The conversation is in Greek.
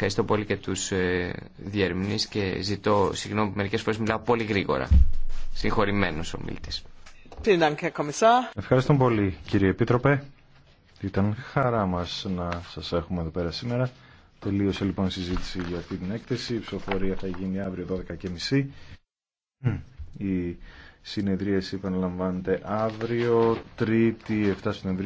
Ευχαριστώ πολύ και τους ε, διερμηνείς και ζητώ συγγνώμη που μερικές φορές μιλάω πολύ γρήγορα. Συγχωρημένος ο μίλητης. Ευχαριστώ πολύ κύριε Επίτροπε. Ήταν χαρά μας να σας έχουμε εδώ πέρα σήμερα. Τελείωσε λοιπόν η συζήτηση για αυτή την έκθεση. Η ψηφοφορία θα γίνει αύριο 12.30. Η συνεδρίαση επαναλαμβάνεται αύριο 7 Σεπτεμβρίου.